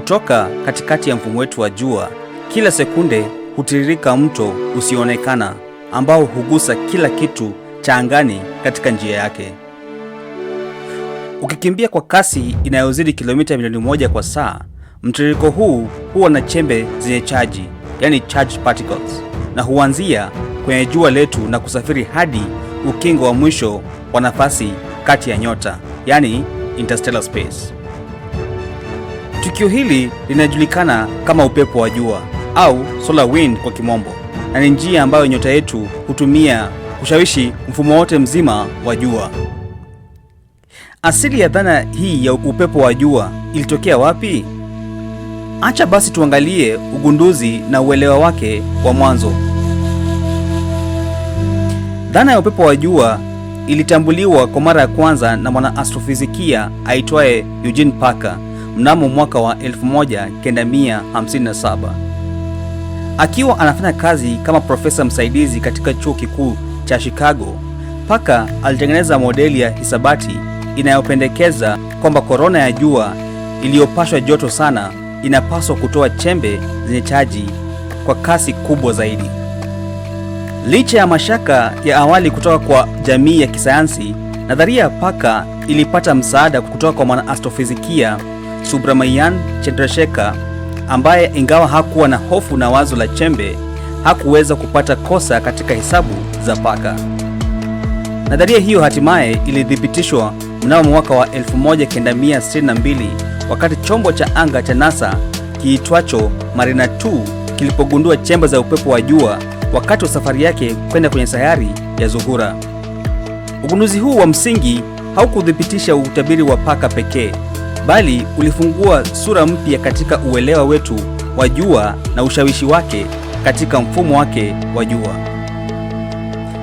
Kutoka katikati ya mfumo wetu wa jua, kila sekunde hutiririka mto usioonekana ambao hugusa kila kitu cha angani katika njia yake. Ukikimbia kwa kasi inayozidi kilomita milioni moja kwa saa, mtiririko huu huwa na chembe zenye chaji, yani charge particles, na huanzia kwenye jua letu na kusafiri hadi ukingo wa mwisho wa nafasi kati ya nyota, yani interstellar space. Tukio hili linajulikana kama upepo wa jua au solar wind kwa kimombo, na ni njia ambayo nyota yetu hutumia kushawishi mfumo wote mzima wa jua. Asili ya dhana hii ya upepo wa jua ilitokea wapi? Acha basi tuangalie ugunduzi na uelewa wake wa mwanzo. Dhana ya upepo wa jua ilitambuliwa kwa mara ya kwanza na mwanaaastrofizikia aitwaye Eugene Parker mnamo mwaka wa 1957 akiwa anafanya kazi kama profesa msaidizi katika chuo kikuu cha Chicago. Parker alitengeneza modeli ya hisabati inayopendekeza kwamba korona ya jua iliyopashwa joto sana inapaswa kutoa chembe zenye chaji kwa kasi kubwa zaidi. Licha ya mashaka ya awali kutoka kwa jamii ya kisayansi, nadharia ya Parker ilipata msaada kutoka kwa mwanaastrofizikia Subramanian Chandrasekhar ambaye ingawa hakuwa na hofu na wazo la chembe, hakuweza kupata kosa katika hesabu za paka. Nadharia hiyo hatimaye ilithibitishwa mnamo mwaka wa 1962 wakati chombo cha anga cha NASA kiitwacho Mariner 2 kilipogundua chembe za upepo wa jua wakati wa safari yake kwenda kwenye sayari ya Zuhura. Ugunduzi huu wa msingi haukuthibitisha utabiri wa paka pekee bali ulifungua sura mpya katika uelewa wetu wa jua na ushawishi wake katika mfumo wake wa jua.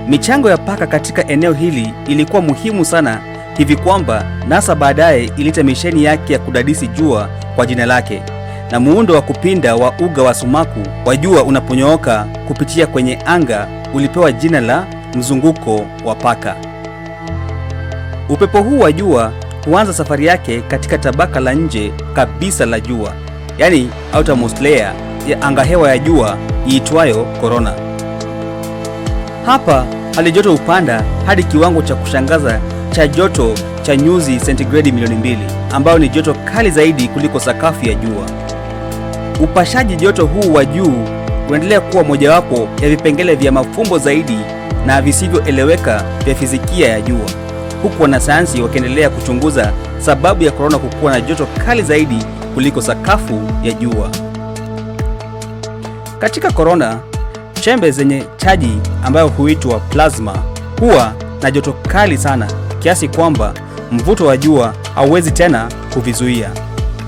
Michango ya paka katika eneo hili ilikuwa muhimu sana hivi kwamba NASA baadaye iliita misheni yake ya kudadisi jua kwa jina lake, na muundo wa kupinda wa uga wa sumaku wa jua unaponyooka kupitia kwenye anga ulipewa jina la mzunguko wa paka. Upepo huu wa jua huanza safari yake katika tabaka la nje kabisa la jua, yaani outermost layer ya angahewa ya jua iitwayo korona. Hapa halijoto hupanda hadi kiwango cha kushangaza cha joto cha nyuzi sentigredi milioni mbili, ambayo ni joto kali zaidi kuliko sakafu ya jua. Upashaji joto huu wa juu unaendelea kuwa mojawapo ya vipengele vya mafumbo zaidi na visivyoeleweka vya fizikia ya jua huku wanasayansi wakiendelea kuchunguza sababu ya korona kukuwa na joto kali zaidi kuliko sakafu ya jua. Katika korona, chembe zenye chaji ambayo huitwa plasma huwa na joto kali sana kiasi kwamba mvuto wa jua hauwezi tena kuvizuia.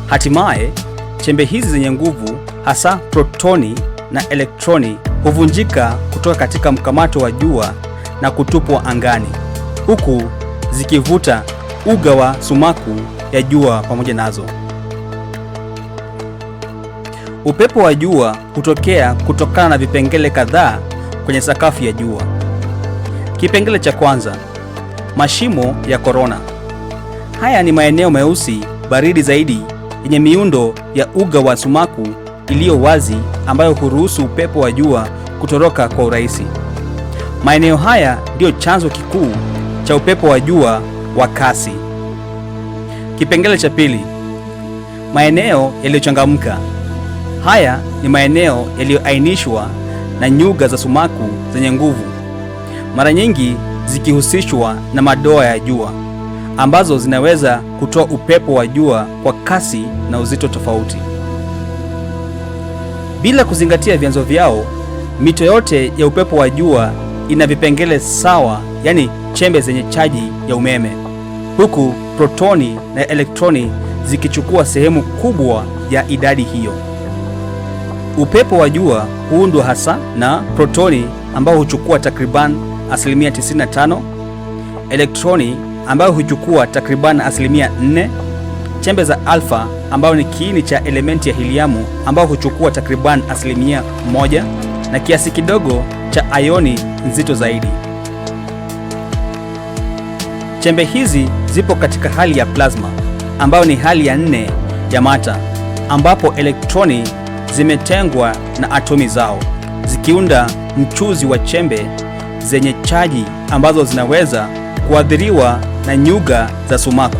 Hatimaye, chembe hizi zenye nguvu, hasa protoni na elektroni, huvunjika kutoka katika mkamato wa jua na kutupwa angani huku zikivuta uga wa sumaku ya jua pamoja nazo. Upepo wa jua hutokea kutokana na vipengele kadhaa kwenye sakafu ya jua. Kipengele cha kwanza, mashimo ya korona. Haya ni maeneo meusi baridi zaidi yenye miundo ya uga wa sumaku iliyo wazi ambayo huruhusu upepo wa jua kutoroka kwa urahisi. Maeneo haya ndiyo chanzo kikuu cha upepo wa jua wa kasi. Kipengele cha pili, maeneo yaliyochangamka. Haya ni maeneo yaliyoainishwa na nyuga za sumaku zenye nguvu, mara nyingi zikihusishwa na madoa ya jua, ambazo zinaweza kutoa upepo wa jua kwa kasi na uzito tofauti. Bila kuzingatia vyanzo vyao, mito yote ya upepo wa jua ina vipengele sawa, yani chembe zenye chaji ya umeme, huku protoni na elektroni zikichukua sehemu kubwa ya idadi hiyo. Upepo wa jua huundwa hasa na protoni ambao huchukua takriban asilimia 95, elektroni ambayo huchukua takriban asilimia 4, chembe za alfa ambayo ni kiini cha elementi ya heliamu ambayo huchukua takriban asilimia 1, na kiasi kidogo cha ayoni nzito zaidi. Chembe hizi zipo katika hali ya plasma ambayo ni hali ya nne ya mata, ambapo elektroni zimetengwa na atomi zao zikiunda mchuzi wa chembe zenye chaji ambazo zinaweza kuathiriwa na nyuga za sumaku.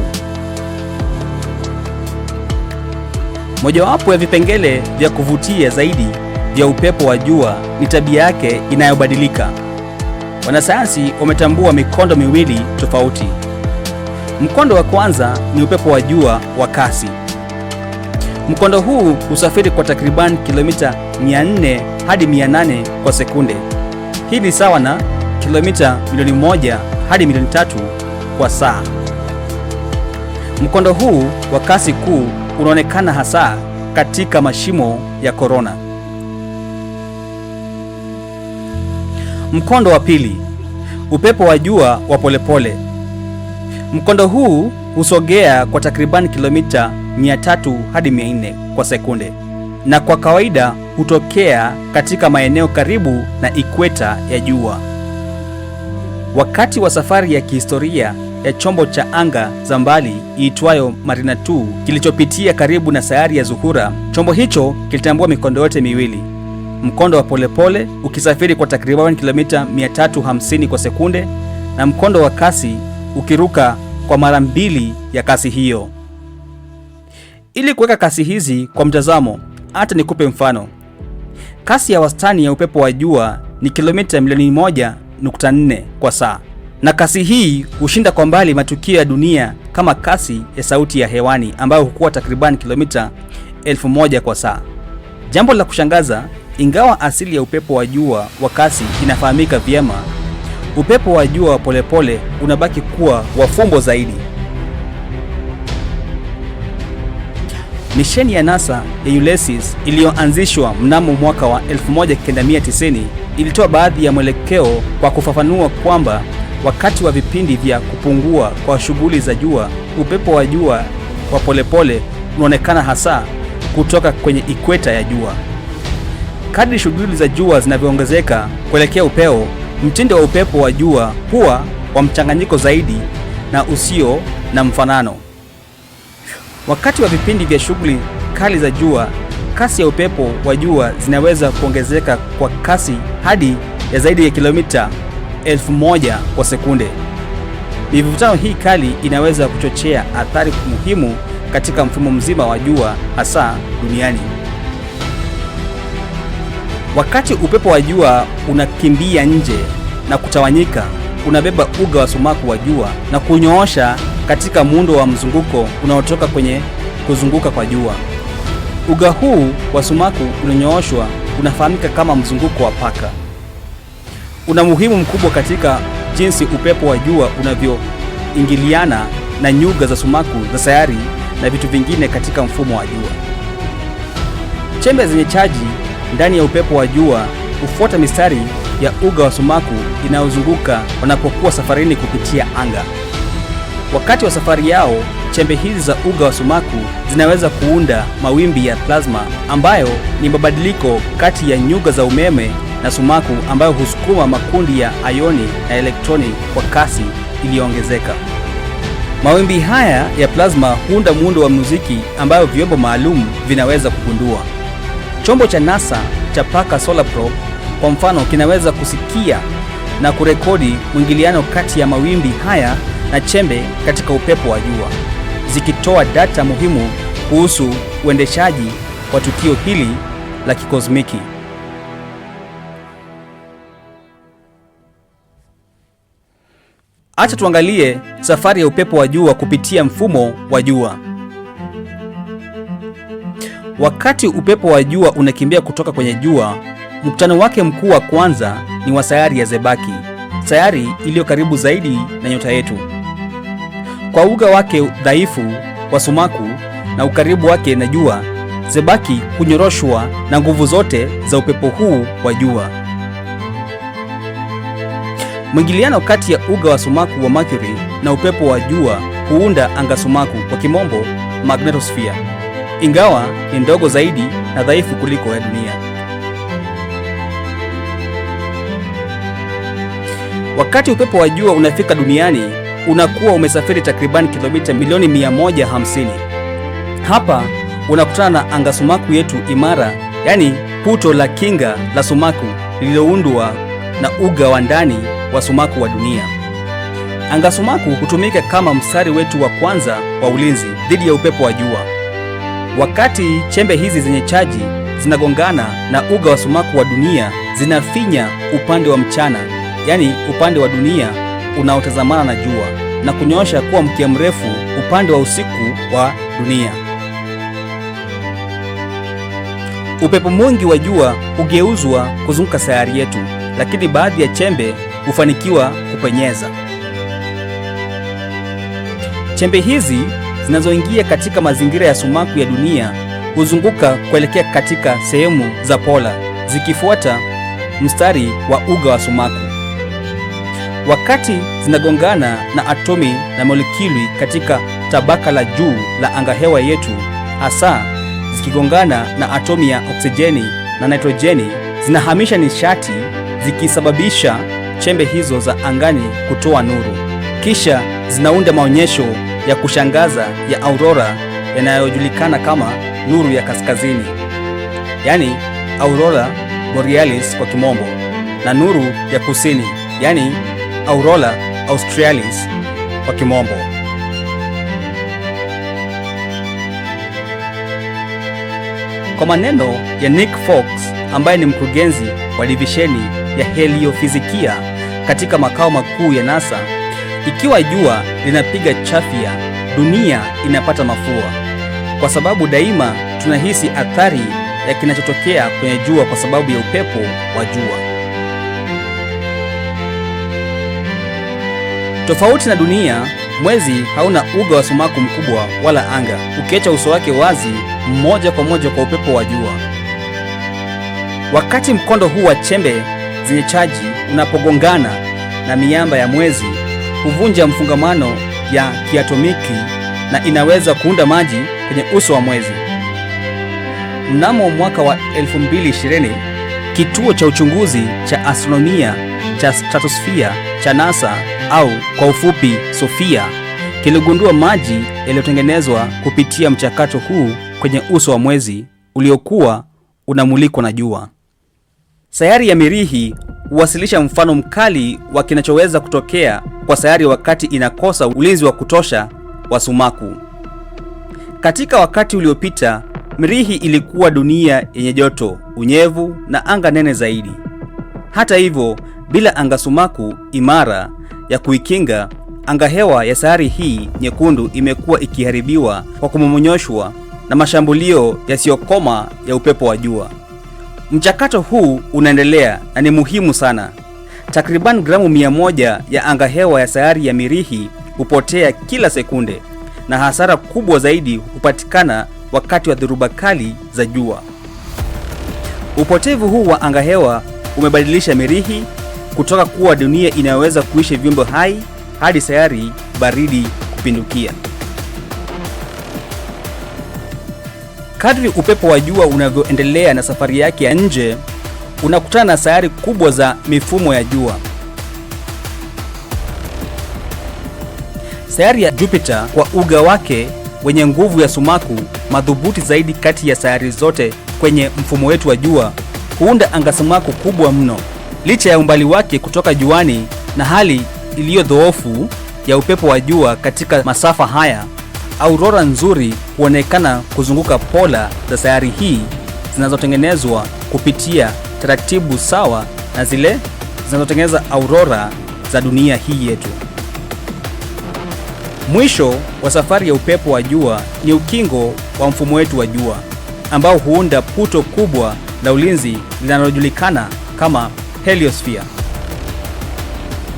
Mojawapo ya vipengele vya kuvutia zaidi vya upepo wa jua ni tabia yake inayobadilika. Wanasayansi wametambua mikondo miwili tofauti. Mkondo wa kwanza ni upepo wa jua wa kasi. Mkondo huu husafiri kwa takriban kilomita 400 hadi 800 kwa sekunde. Hii ni sawa na kilomita milioni moja hadi milioni tatu kwa saa. Mkondo huu wa kasi kuu unaonekana hasa katika mashimo ya korona. Mkondo wa pili, upepo wa jua wa polepole. Mkondo huu husogea kwa takribani kilomita 300 hadi 400 kwa sekunde na kwa kawaida hutokea katika maeneo karibu na ikweta ya jua. Wakati wa safari ya kihistoria ya chombo cha anga za mbali iitwayo Mariner 2 kilichopitia karibu na sayari ya Zuhura, chombo hicho kilitambua mikondo yote miwili mkondo wa polepole pole, ukisafiri kwa takriban kilomita 350 kwa sekunde na mkondo wa kasi ukiruka kwa mara mbili ya kasi hiyo. Ili kuweka kasi hizi kwa mtazamo, hata nikupe mfano. Kasi ya wastani ya upepo wa jua ni kilomita milioni 1.4 kwa saa, na kasi hii hushinda kwa mbali matukio ya dunia kama kasi ya sauti ya hewani ambayo hukuwa takriban kilomita moja kwa saa. Jambo la kushangaza ingawa asili ya upepo wa jua wa kasi inafahamika vyema, upepo wa jua wa polepole unabaki kuwa wa fumbo zaidi. Misheni ya NASA ya Ulysses iliyoanzishwa mnamo mwaka wa 1990 ilitoa baadhi ya mwelekeo kwa kufafanua kwamba wakati wa vipindi vya kupungua kwa shughuli za jua, upepo wa jua wa polepole unaonekana hasa kutoka kwenye ikweta ya jua. Kadri shughuli za jua zinavyoongezeka kuelekea upeo, mtindo wa upepo wa jua huwa wa mchanganyiko zaidi na usio na mfanano. Wakati wa vipindi vya shughuli kali za jua, kasi ya upepo wa jua zinaweza kuongezeka kwa kasi hadi ya zaidi ya kilomita elfu moja kwa sekunde. Mivutano hii kali inaweza kuchochea athari muhimu katika mfumo mzima wa jua, hasa duniani. Wakati upepo wa jua unakimbia nje na kutawanyika, unabeba uga wa sumaku wa jua na kunyoosha katika muundo wa mzunguko unaotoka kwenye kuzunguka kwa jua. Uga huu wa sumaku ulionyooshwa unafahamika kama mzunguko wa paka. Una muhimu mkubwa katika jinsi upepo wa jua unavyoingiliana na nyuga za sumaku za sayari na vitu vingine katika mfumo wa jua. Chembe zenye chaji ndani ya upepo wa jua hufuata mistari ya uga wa sumaku inayozunguka wanapokuwa safarini kupitia anga. Wakati wa safari yao, chembe hizi za uga wa sumaku zinaweza kuunda mawimbi ya plasma ambayo ni mabadiliko kati ya nyuga za umeme na sumaku ambayo husukuma makundi ya ayoni na elektroni kwa kasi iliyoongezeka. Mawimbi haya ya plasma huunda muundo wa muziki ambayo vyombo maalum vinaweza kugundua. Chombo cha NASA cha Parker Solar Probe kwa mfano kinaweza kusikia na kurekodi mwingiliano kati ya mawimbi haya na chembe katika upepo wa jua, zikitoa data muhimu kuhusu uendeshaji wa tukio hili la kikosmiki. Acha tuangalie safari ya upepo wa jua kupitia mfumo wa jua. Wakati upepo wa jua unakimbia kutoka kwenye jua, mkutano wake mkuu wa kwanza ni wa sayari ya Zebaki, sayari iliyo karibu zaidi na nyota yetu. Kwa uga wake dhaifu wa sumaku na ukaribu wake na jua, Zebaki hunyoroshwa na nguvu zote za upepo huu wa jua. Mwingiliano kati ya uga wa sumaku wa Mercury na upepo wa jua huunda anga sumaku, kwa kimombo magnetosphere ingawa ni ndogo zaidi na dhaifu kuliko ya dunia. Wakati upepo wa jua unafika duniani, unakuwa umesafiri takriban kilomita milioni 150. Hapa unakutana na anga sumaku yetu imara, yaani puto la kinga la sumaku lililoundwa na uga wa ndani wa sumaku wa dunia. Anga sumaku hutumika kama mstari wetu wa kwanza wa ulinzi dhidi ya upepo wa jua. Wakati chembe hizi zenye chaji zinagongana na uga wa sumaku wa dunia, zinafinya upande wa mchana, yaani upande wa dunia unaotazamana na jua na kunyoosha kuwa mkia mrefu upande wa usiku wa dunia. Upepo mwingi wa jua hugeuzwa kuzunguka sayari yetu, lakini baadhi ya chembe hufanikiwa kupenyeza chembe hizi zinazoingia katika mazingira ya sumaku ya dunia huzunguka kuelekea katika sehemu za pola zikifuata mstari wa uga wa sumaku. Wakati zinagongana na atomi na molekuli katika tabaka la juu la angahewa yetu, hasa zikigongana na atomi ya oksijeni na nitrojeni, zinahamisha nishati zikisababisha chembe hizo za angani kutoa nuru, kisha zinaunda maonyesho ya kushangaza ya aurora yanayojulikana kama nuru ya kaskazini, yani aurora borealis kwa kimombo, na nuru ya kusini, yani aurora australis kwa kimombo. Kwa maneno ya Nick Fox ambaye ni mkurugenzi wa divisheni ya heliofizikia katika makao makuu ya NASA ikiwa jua linapiga chafya, dunia inapata mafua, kwa sababu daima tunahisi athari ya kinachotokea kwenye jua kwa sababu ya upepo wa jua. Tofauti na dunia, mwezi hauna uga wa sumaku mkubwa wala anga, ukiacha uso wake wazi moja kwa moja kwa upepo wa jua. Wakati mkondo huu wa chembe zenye chaji unapogongana na miamba ya mwezi huvunja mfungamano ya kiatomiki na inaweza kuunda maji kwenye uso wa mwezi. Mnamo mwaka wa 2020, kituo cha uchunguzi cha astronomia cha stratosphere cha NASA au kwa ufupi SOFIA kiligundua maji yaliyotengenezwa kupitia mchakato huu kwenye uso wa mwezi uliokuwa unamulikwa na jua. Sayari ya Mirihi huwasilisha mfano mkali wa kinachoweza kutokea kwa sayari wakati inakosa ulinzi wa kutosha wa sumaku. Katika wakati uliopita, Mirihi ilikuwa dunia yenye joto, unyevu na anga nene zaidi. Hata hivyo, bila anga sumaku imara ya kuikinga, anga hewa ya sayari hii nyekundu imekuwa ikiharibiwa kwa kumomonyoshwa na mashambulio yasiyokoma ya upepo wa jua. Mchakato huu unaendelea na ni muhimu sana. Takriban gramu mia moja ya angahewa ya sayari ya Mirihi hupotea kila sekunde na hasara kubwa zaidi hupatikana wakati wa dhoruba kali za jua. Upotevu huu wa angahewa umebadilisha Mirihi kutoka kuwa dunia inayoweza kuishi viumbe hai hadi sayari baridi kupindukia. Kadri upepo wa jua unavyoendelea na safari yake ya nje, unakutana na sayari kubwa za mifumo ya jua. Sayari ya Jupiter kwa uga wake wenye nguvu ya sumaku madhubuti zaidi kati ya sayari zote kwenye mfumo wetu wa jua, huunda anga sumaku kubwa mno licha ya umbali wake kutoka juani na hali iliyo dhoofu ya upepo wa jua katika masafa haya. Aurora nzuri huonekana kuzunguka pola za sayari hii zinazotengenezwa kupitia taratibu sawa na zile zinazotengeneza aurora za dunia hii yetu. Mwisho wa safari ya upepo wa jua ni ukingo wa mfumo wetu wa jua ambao huunda puto kubwa la ulinzi linalojulikana kama heliosphere.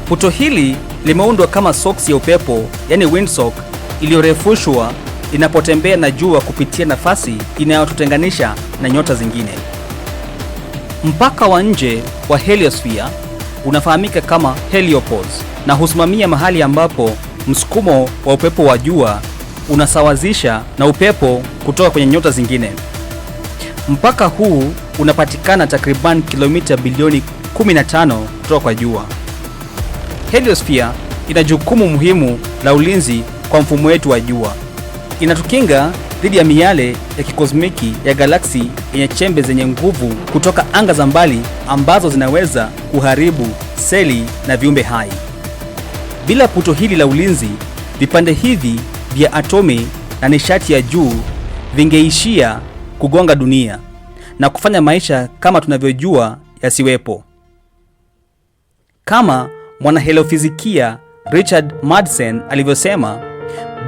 Puto hili limeundwa kama soksi ya upepo, yani windsock, iliyorefushwa inapotembea na jua kupitia nafasi inayotutenganisha na nyota zingine. Mpaka wa nje wa heliosphere unafahamika kama heliopause na husimamia mahali ambapo msukumo wa upepo wa jua unasawazisha na upepo kutoka kwenye nyota zingine. Mpaka huu unapatikana takriban kilomita bilioni 15 kutoka kwa jua. Heliosphere ina jukumu muhimu la ulinzi kwa mfumo wetu wa jua. Inatukinga dhidi ya miale ya kikosmiki ya galaksi yenye chembe zenye nguvu kutoka anga za mbali ambazo zinaweza kuharibu seli na viumbe hai. Bila puto hili la ulinzi, vipande hivi vya atomi na nishati ya juu vingeishia kugonga dunia na kufanya maisha kama tunavyojua yasiwepo. Kama mwanaheliofizikia Richard Madsen alivyosema,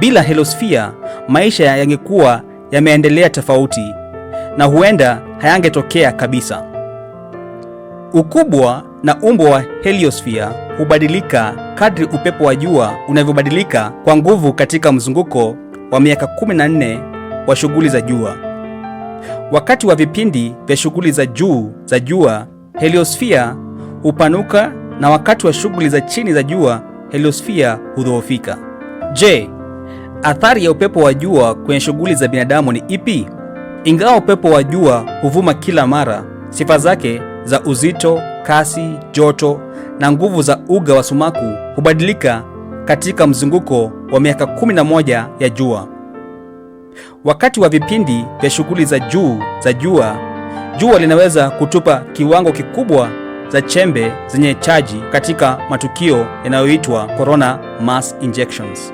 bila helosfia maisha yangekuwa yameendelea tofauti na huenda hayangetokea kabisa. Ukubwa na umbo wa heliosfia hubadilika kadri upepo wa jua unavyobadilika kwa nguvu katika mzunguko wa miaka 14 wa shughuli za jua. Wakati wa vipindi vya shughuli za juu za jua, heliosfia hupanuka na wakati wa shughuli za chini za jua, heliosfia hudhoofika. Je, Athari ya upepo wa jua kwenye shughuli za binadamu ni ipi? Ingawa upepo wa jua huvuma kila mara, sifa zake za uzito, kasi, joto na nguvu za uga wa sumaku hubadilika katika mzunguko wa miaka 11 ya jua. Wakati wa vipindi vya shughuli za juu za jua, jua linaweza kutupa kiwango kikubwa za chembe zenye chaji katika matukio yanayoitwa corona mass injections.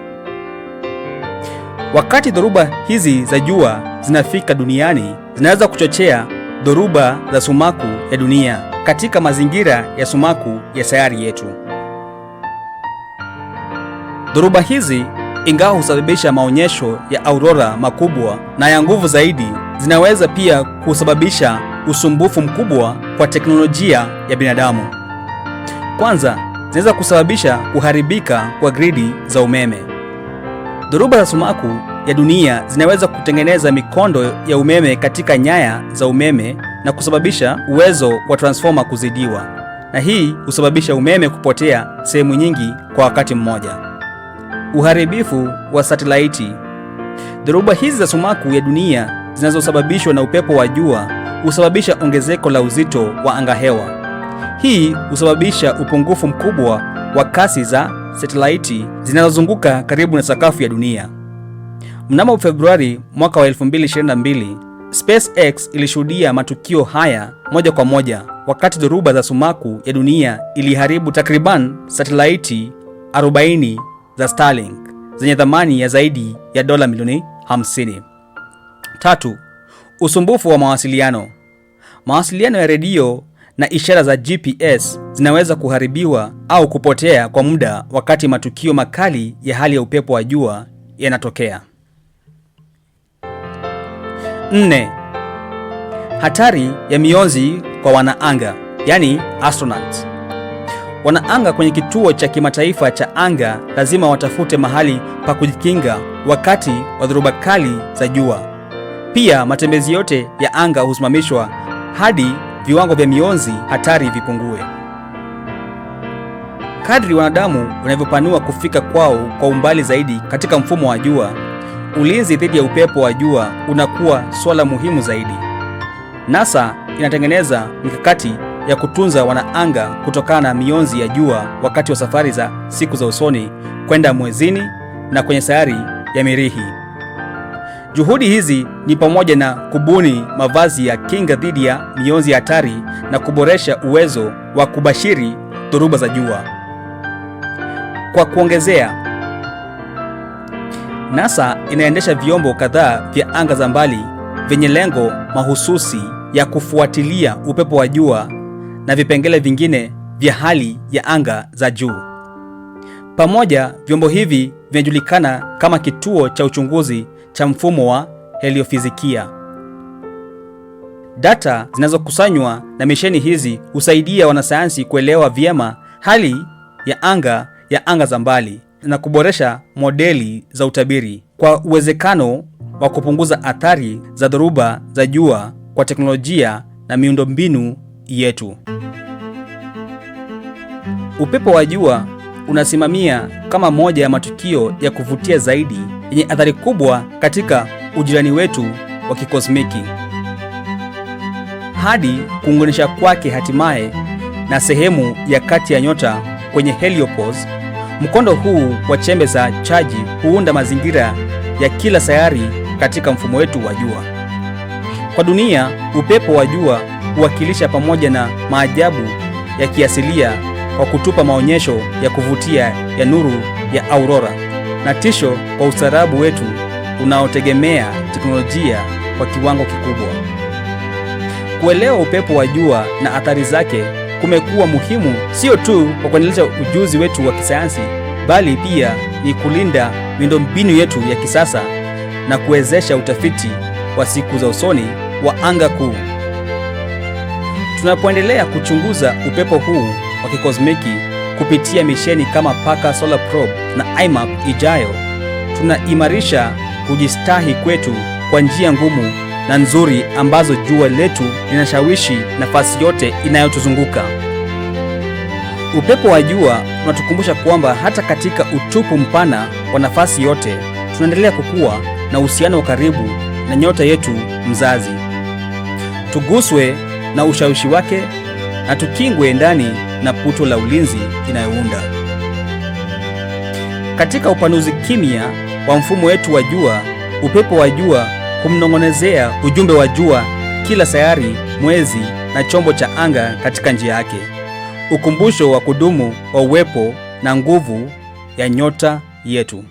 Wakati dhoruba hizi za jua zinafika duniani, zinaweza kuchochea dhoruba za sumaku ya dunia katika mazingira ya sumaku ya sayari yetu. Dhoruba hizi, ingawa husababisha maonyesho ya aurora makubwa na ya nguvu zaidi, zinaweza pia kusababisha usumbufu mkubwa kwa teknolojia ya binadamu. Kwanza, zinaweza kusababisha kuharibika kwa gridi za umeme. Dhoruba za sumaku ya dunia zinaweza kutengeneza mikondo ya umeme katika nyaya za umeme na kusababisha uwezo wa transfoma kuzidiwa, na hii husababisha umeme kupotea sehemu nyingi kwa wakati mmoja. Uharibifu wa satelaiti. Dhoruba hizi za sumaku ya dunia zinazosababishwa na upepo wa jua husababisha ongezeko la uzito wa angahewa. Hii husababisha upungufu mkubwa wa kasi za satelaiti zinazozunguka karibu na sakafu ya dunia. Mnamo Februari mwaka wa 2022, SpaceX ilishuhudia matukio haya moja kwa moja wakati dhoruba za sumaku ya dunia iliharibu takriban satelaiti 40 za Starlink zenye thamani ya zaidi ya dola milioni 50. Tatu, usumbufu wa mawasiliano. Mawasiliano ya redio na ishara za GPS zinaweza kuharibiwa au kupotea kwa muda wakati matukio makali ya hali ya upepo wa jua yanatokea. Nne, hatari ya mionzi kwa wanaanga, yani astronauts. Wanaanga kwenye kituo cha kimataifa cha anga lazima watafute mahali pa kujikinga wakati wa dhoruba kali za jua. Pia matembezi yote ya anga husimamishwa hadi viwango vya mionzi hatari vipungue. Kadri wanadamu wanavyopanua kufika kwao kwa umbali zaidi katika mfumo wa jua, ulinzi dhidi ya upepo wa jua unakuwa swala muhimu zaidi. NASA inatengeneza mikakati ya kutunza wanaanga kutokana na mionzi ya jua wakati wa safari za siku za usoni kwenda mwezini na kwenye sayari ya Mirihi. Juhudi hizi ni pamoja na kubuni mavazi ya kinga dhidi ya mionzi hatari na kuboresha uwezo wa kubashiri dhoruba za jua. Kwa kuongezea, NASA inaendesha vyombo kadhaa vya anga za mbali vyenye lengo mahususi ya kufuatilia upepo wa jua na vipengele vingine vya hali ya anga za juu. Pamoja, vyombo hivi vinajulikana kama kituo cha uchunguzi cha mfumo wa heliofizikia. Data zinazokusanywa na misheni hizi husaidia wanasayansi kuelewa vyema hali ya anga ya anga za mbali na kuboresha modeli za utabiri kwa uwezekano wa kupunguza athari za dhoruba za jua kwa teknolojia na miundombinu yetu. Upepo wa jua unasimamia kama moja ya matukio ya kuvutia zaidi yenye athari kubwa katika ujirani wetu wa kikosmiki hadi kuunganisha kwake hatimaye na sehemu ya kati ya nyota kwenye heliopause. Mkondo huu wa chembe za chaji huunda mazingira ya kila sayari katika mfumo wetu wa jua. Kwa dunia, upepo wa jua huwakilisha pamoja na maajabu ya kiasilia kwa kutupa maonyesho ya kuvutia ya nuru ya aurora na tisho kwa ustaarabu wetu unaotegemea teknolojia kwa kiwango kikubwa. Kuelewa upepo wa jua na athari zake kumekuwa muhimu sio tu kwa kuendeleza ujuzi wetu wa kisayansi, bali pia ni kulinda miundombinu yetu ya kisasa na kuwezesha utafiti wa siku za usoni wa anga kuu. Tunapoendelea kuchunguza upepo huu wa kikosmiki kupitia misheni kama Paka Solar Probe na IMAP ijayo, tunaimarisha kujistahi kwetu kwa njia ngumu na nzuri ambazo jua letu linashawishi nafasi yote inayotuzunguka. Upepo wa jua unatukumbusha kwamba hata katika utupu mpana wa nafasi yote tunaendelea kukua na uhusiano wa karibu na nyota yetu mzazi. Tuguswe na ushawishi wake na tukingwe ndani na puto la ulinzi inayounda. Katika upanuzi kimya wa mfumo wetu wa jua, upepo wa jua humnong'onezea ujumbe wa jua kila sayari, mwezi na chombo cha anga katika njia yake, ukumbusho wa kudumu wa uwepo na nguvu ya nyota yetu.